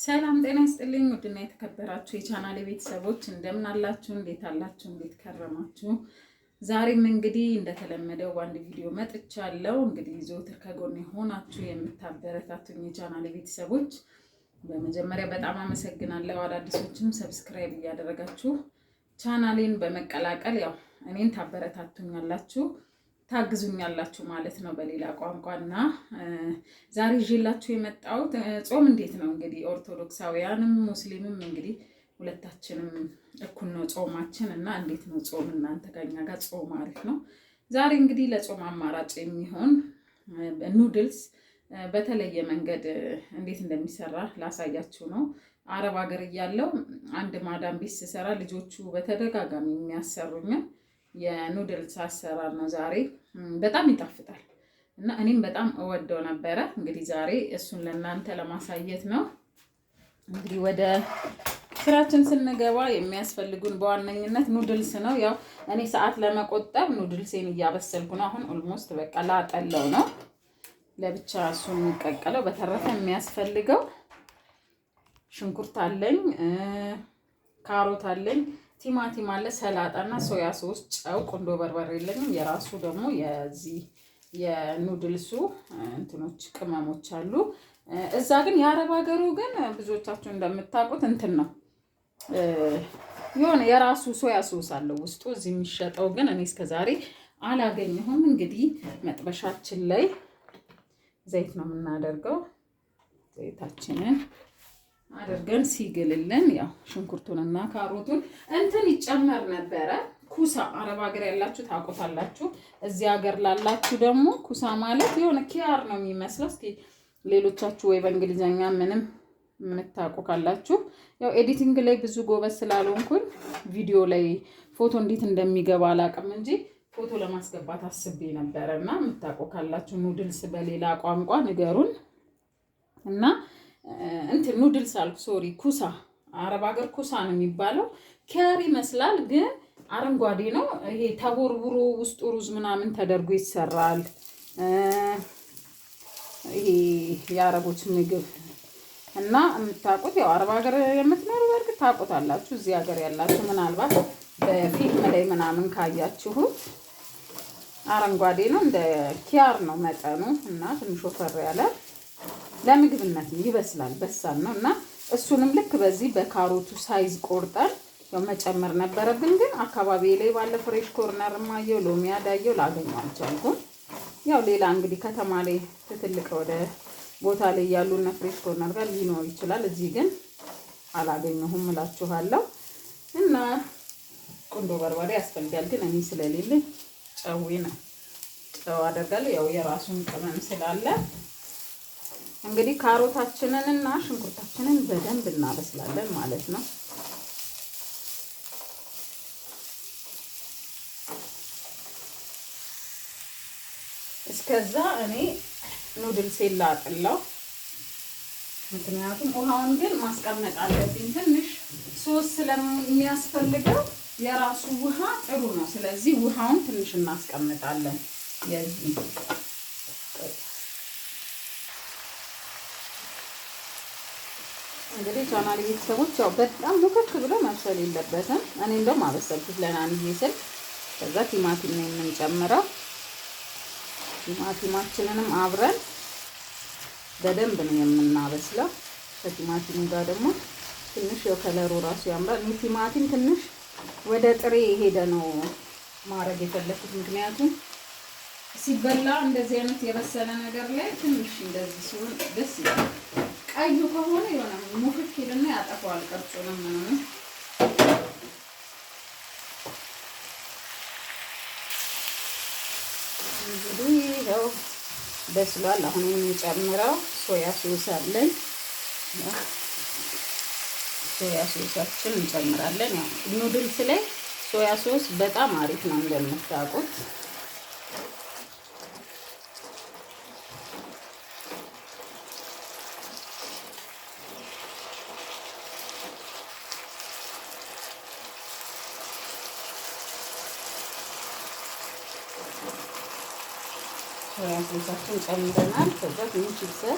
ሰላም ጤና ይስጥልኝ። ውድና የተከበራችሁ የቻናል ቤተሰቦች እንደምን አላችሁ? እንዴት አላችሁ? እንዴት ከረማችሁ? ዛሬም እንግዲህ እንደተለመደው በአንድ ቪዲዮ መጥቻለሁ። እንግዲህ ዘወትር ከጎን የሆናችሁ የምታበረታቱኝ የቻናል ቤተሰቦች በመጀመሪያ በጣም አመሰግናለሁ። አዳዲሶችም ሰብስክራይብ እያደረጋችሁ ቻናሌን በመቀላቀል ያው እኔን ታበረታቱኛላችሁ። ታግዙኛላችሁ ማለት ነው በሌላ ቋንቋ እና ዛሬ ይዤላችሁ የመጣሁት ጾም እንዴት ነው እንግዲህ ኦርቶዶክሳውያንም ሙስሊምም እንግዲህ ሁለታችንም እኩል ነው ጾማችን እና እንዴት ነው ጾም እናንተ ከኛ ጋር ጾም አሪፍ ነው ዛሬ እንግዲህ ለጾም አማራጭ የሚሆን ኑድልስ በተለየ መንገድ እንዴት እንደሚሰራ ላሳያችሁ ነው አረብ ሀገር እያለው አንድ ማዳም ቤት ስሰራ ልጆቹ በተደጋጋሚ የሚያሰሩኝም የኑድልስ አሰራር ነው ዛሬ በጣም ይጣፍጣል እና እኔም በጣም እወደው ነበረ። እንግዲህ ዛሬ እሱን ለእናንተ ለማሳየት ነው። እንግዲህ ወደ ስራችን ስንገባ የሚያስፈልጉን በዋነኝነት ኑድልስ ነው። ያው እኔ ሰዓት ለመቆጠብ ኑድልሴን እያበሰልኩ ነው። አሁን ኦልሞስት በቃ ላጠለው ነው ለብቻ እሱ የሚቀቀለው። በተረፈ የሚያስፈልገው ሽንኩርት አለኝ፣ ካሮት አለኝ፣ ቲማቲም አለ፣ ሰላጣ እና ሶያ ሶስ፣ ጨው፣ ቁንዶ በርበሬ የለኝም። የራሱ ደግሞ የዚህ የኑድልሱ እንትኖች ቅመሞች አሉ። እዛ ግን የአረብ ሀገሩ ግን ብዙዎቻችሁ እንደምታውቁት እንትን ነው የሆነ የራሱ ሶያ ሶስ አለው ውስጡ። እዚህ የሚሸጠው ግን እኔ እስከዛሬ አላገኘሁም። እንግዲህ መጥበሻችን ላይ ዘይት ነው የምናደርገው ዘይታችንን አድርገን ሲግልልን ያው ሽንኩርቱንና ካሮቱን እንትን ይጨመር ነበረ። ኩሳ አረብ ሀገር ያላችሁ ታውቆታላችሁ። እዚህ ሀገር ላላችሁ ደግሞ ኩሳ ማለት የሆነ ኪያር ነው የሚመስለው። እስኪ ሌሎቻችሁ ወይ በእንግሊዝኛ ምንም የምታውቁ ካላችሁ ያው ኤዲቲንግ ላይ ብዙ ጎበዝ ስላልሆንኩኝ ቪዲዮ ላይ ፎቶ እንዴት እንደሚገባ አላውቅም እንጂ ፎቶ ለማስገባት አስቤ ነበረ እና የምታውቁ ካላችሁ ኑድልስ በሌላ ቋንቋ ንገሩን እና እንትን ኑድልስ አልኩ፣ ሶሪ ኩሳ፣ አረብ ሀገር ኩሳ ነው የሚባለው። ከሪ ይመስላል ግን አረንጓዴ ነው። ይሄ ተቦርቡሮ ውስጡ ሩዝ ምናምን ተደርጎ ይሰራል። ይሄ የአረቦች ምግብ እና የምታውቁት ያው አረብ ሀገር የምትኖሩ በእርግጥ ታውቁታላችሁ። እዚህ ሀገር ያላችሁ ምናልባት በፊልም ላይ ምናምን ካያችሁ አረንጓዴ ነው። እንደ ኪያር ነው መጠኑ እና ትንሽ ወፈር ያለ ለምግብነት ይበስላል። በሳል ነው እና እሱንም ልክ በዚህ በካሮቱ ሳይዝ ቆርጠን ያው መጨመር ነበረብን። ግን አካባቢ ላይ ባለ ፍሬሽ ኮርነር ማየው ሎሚ አዳየው ላገኘው አልቻልኩም። ያው ሌላ እንግዲህ ከተማ ላይ ትልቅ ወደ ቦታ ላይ ያሉ እና ፍሬሽ ኮርነር ጋር ሊኖር ይችላል። እዚህ ግን አላገኘሁም እላችኋለሁ። እና ቁንዶ በርበሬ ያስፈልጋል፣ ግን እኔ ስለሌለኝ ጨዊ ነው ጨው አደርጋለሁ። ያው የራሱን ቅመም ስላለ እንግዲህ ካሮታችንንና ሽንኩርታችንን በደንብ እናበስላለን ማለት ነው። እስከዛ እኔ ኑድልሴን ላጥለው፣ ምክንያቱም ውሃውን ግን ማስቀመጥ አለብኝ። ትንሽ ሶስ ስለሚያስፈልገው የራሱ ውሃ ጥሩ ነው። ስለዚህ ውሃውን ትንሽ እናስቀምጣለን የዚህ የቻናል ቤተሰቦች ያው በጣም ሙክክ ብሎ መብሰል የለበትም። እኔ እንደውም አበሰልኩት ለናንዬ ስል ከዛ ቲማቲም ነው የምንጨምረው። ቲማቲማችንንም አብረን በደንብ ነው የምናበስለው። ከቲማቲሙ ጋር ደግሞ ትንሽ ያው ከለሩ ራሱ ያምራል። ይህ ቲማቲም ትንሽ ወደ ጥሬ ሄደ ነው ማድረግ የፈለኩት ምክንያቱም ሲበላ እንደዚህ አይነት የበሰለ ነገር ላይ ትንሽ እንደዚህ ሲሆን ደስ ይላል። ቀዩ ከሆነ የሆነ ሙክክ ይልና ያጠፋዋል ቅርጹንም ምንም እንግዲህ ይኸው በስሏል። አሁን የምንጨምረው ሶያ ሶስ አለን። ሶያ ሶሳችን እንጨምራለን። ያው ኑድልስ ላይ ሶያ ሶስ በጣም አሪፍ ነው እንደምታውቁት። ሶያ ሶሳችን ጨምረናል። ከዛ ትንሽ ይብሰል።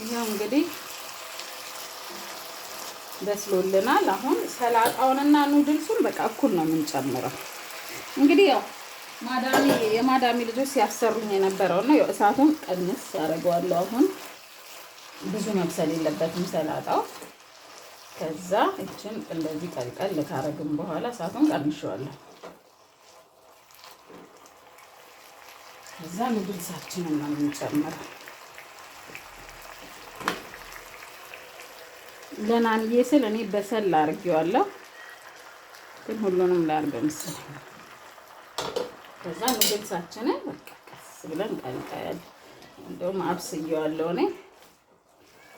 ይኸው እንግዲህ በስሎልናል። አሁን ሰላጣውንና ኑድልሱን በቃ እኩል ነው የምንጨምረው። እንግዲህ ያው ማዳሚ የማዳሚ ልጆች ሲያሰሩኝ የነበረው ነው። እሳቱን ቀንስ አደርገዋለሁ። አሁን ብዙ መብሰል የለበትም ሰላጣው ከዛ እችን እንደዚህ ቀልቀል ካረግን በኋላ እሳቱን ቀንሸዋለሁ። ከዛ ንድልሳችንን ነው የምንጨምረው። ለናንዬ ስል እኔ በሰል ላርጌዋለሁ፣ ግን ሁሉንም ላርገ ምስል። ከዛ ንድልሳችንን በቃ ቀስ ብለን ቀልቀል፣ እንደውም አብስየዋለሁ እኔ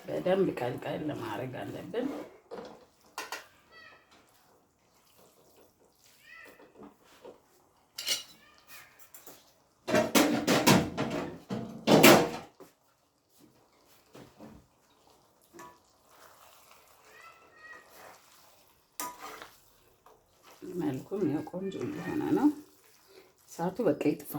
በደንብ ቀልቀል ማድረግ አለብን። መልኩም ያው ቆንጆ እየሆነ ነው። እሳቱ በቃ ይጥፋ።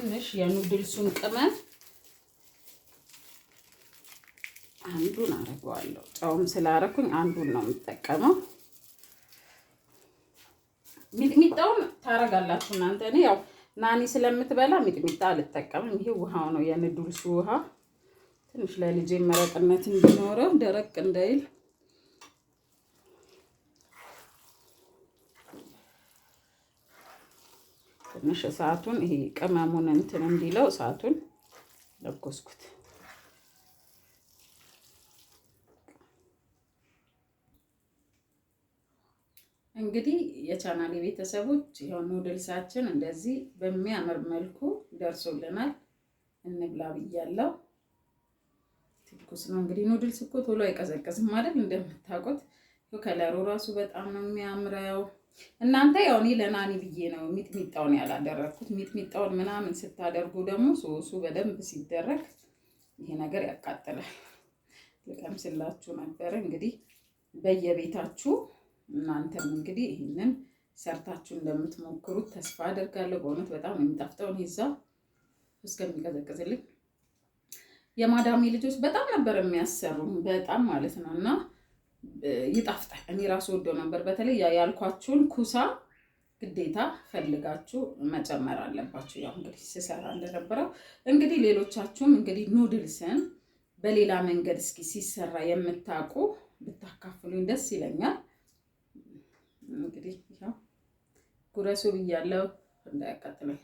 ትንሽ የኑድልሱን ቅመም አንዱን አረገዋለሁ። ጨውም ስላረኩኝ አንዱን ነው የምጠቀመው። ሚጥሚጣውም ታደርጋላችሁ እናንተ። እኔ ያው ናኒ ስለምትበላ ሚጥሚጣ አልጠቀምም። ይሄ ውሃው ነው የኑድልሱ ውሃ ትንሽ ለልጄ መረቅነት እንዲኖረው ደረቅ እንዳይል ትንሽ እሳቱን ይሄ ቅመሙን እንትን እንዲለው እሳቱን ለኮስኩት። እንግዲህ የቻናሌ ቤተሰቦች ይኸው ኑድልሳችን እንደዚህ በሚያምር መልኩ ደርሶልናል። እንብላ ብያለሁ። ትኩስ ነው። እንግዲህ ኑድልስ እኮ ቶሎ አይቀዘቀዝም ማለት እንደምታውቁት፣ ከለሩ ራሱ በጣም ነው የሚያምረው። እናንተ ያው እኔ ለናኒ ብዬ ነው ሚጥሚጣውን ያላደረግኩት። ሚጥሚጣውን ምናምን ስታደርጉ ደግሞ ሶሱ በደንብ ሲደረግ ይሄ ነገር ያቃጥላል። ስላችሁ ነበረ እንግዲህ በየቤታችሁ እናንተም እንግዲህ ይህንን ሰርታችሁ እንደምትሞክሩት ተስፋ አደርጋለሁ። በእውነት በጣም የሚጣፍጠውን ይዛ እስከሚቀዘቅዝልኝ የማዳሜ ልጆች በጣም ነበር የሚያሰሩ በጣም ማለት ነው። እና ይጣፍጣል። እኔ ራሱ ወደው ነበር። በተለይ ያልኳችሁን ኩሳ ግዴታ ፈልጋችሁ መጨመር አለባችሁ። ያው እንግዲህ ስሰራ እንደነበረው እንግዲህ ሌሎቻችሁም እንግዲህ ኑድልስን በሌላ መንገድ እስኪ ሲሰራ የምታውቁ ብታካፍሉኝ ደስ ይለኛል። እንግዲህ ያው ጉረሱ ብያለው እንዳያቃጥለኝ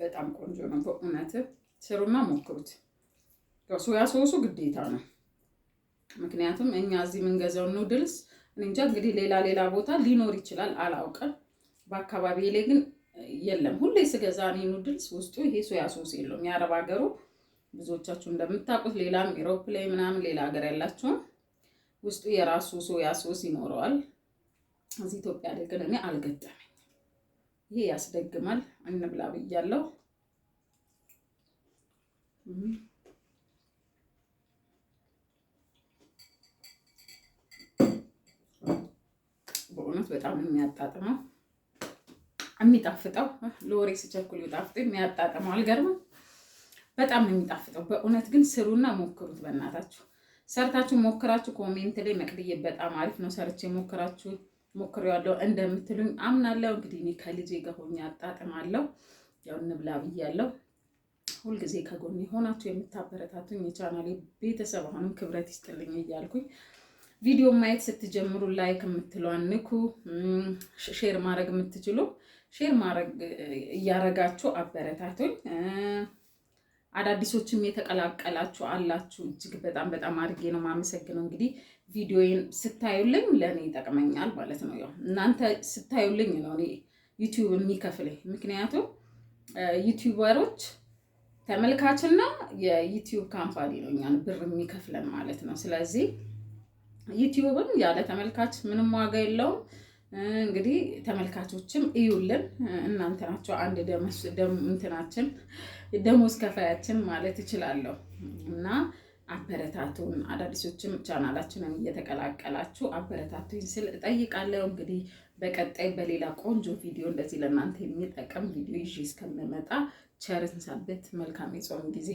በጣም ቆንጆ ነው በእውነት ስሩና ሞክሩት። ሶያ ሶሱ ግዴታ ነው፣ ምክንያቱም እኛ እዚህ የምንገዛው ኑድልስ እንጃ እንግዲህ ሌላ ሌላ ቦታ ሊኖር ይችላል አላውቅም። በአካባቢ ላይ ግን የለም። ሁሌ ስገዛ እኔ ኑድልስ ውስጡ ይሄ ሶያ ሶስ የለውም። የአረብ ሀገሩ ብዙዎቻችሁ እንደምታውቁት ሌላም ኢሮፕ ምናምን ሌላ ሀገር ያላችሁም ውስጡ የራሱ ሶያ ሶስ ይኖረዋል። እዚህ ኢትዮጵያ ደግ ለእኔ አልገጠመኝም። ይሄ ያስደግማል። እንብላ ብያለሁ። በእውነት በጣም የሚያጣጥመው የሚጣፍጠው ሎሬ ስቸኩል ይጣፍጥ የሚያጣጥመው አልገርምም። በጣም የሚጣፍጠው በእውነት ግን ስሩና ሞክሩት በእናታችሁ ሰርታችሁ ሞክራችሁ ኮሜንት ላይ መቅድዬ በጣም አሪፍ ነው ሰርቼ ሞክራችሁ ሞክሬዋለሁ እንደምትሉኝ አምናለሁ። እንግዲህ እኔ ከልጄ ጋር ሆኜ አጣጥማለሁ። ያው እንብላ ብያለሁ። ሁልጊዜ ከጎን የሆናችሁ የምታበረታቱኝ የቻናሌ ቤተሰብ አሁንም ክብረት ይስጥልኝ እያልኩኝ ቪዲዮ ማየት ስትጀምሩ ላይክ የምትሏን ንኩ። ሼር ማድረግ የምትችሉ ሼር ማድረግ እያረጋችሁ አበረታቱኝ። አዳዲሶችም የተቀላቀላችሁ አላችሁ እጅግ በጣም በጣም አድርጌ ነው የማመሰግነው እንግዲህ ቪዲዮን ስታዩልኝ ለእኔ ይጠቅመኛል ማለት ነው። ያው እናንተ ስታዩልኝ ነው እኔ ዩቲዩብ የሚከፍለኝ። ምክንያቱም ዩቲዩበሮች ተመልካችና የዩቲዩብ ካምፓኒ ነው እኛን ብር የሚከፍለን ማለት ነው። ስለዚህ ዩቲዩብም ያለ ተመልካች ምንም ዋጋ የለውም። እንግዲህ ተመልካቾችም እዩልን፣ እናንተ ናቸው አንድ እንትናችን ደሞዝ ከፋያችን ማለት እችላለሁ እና አበረታቱን። አዳዲሶችም ቻናላችንን እየተቀላቀላችሁ አበረታቱኝ ስል እጠይቃለሁ። እንግዲህ በቀጣይ በሌላ ቆንጆ ቪዲዮ እንደዚህ ለእናንተ የሚጠቅም ቪዲዮ ይዤ እስከምመጣ ቸርን ሰንብት። መልካም የጾም ጊዜ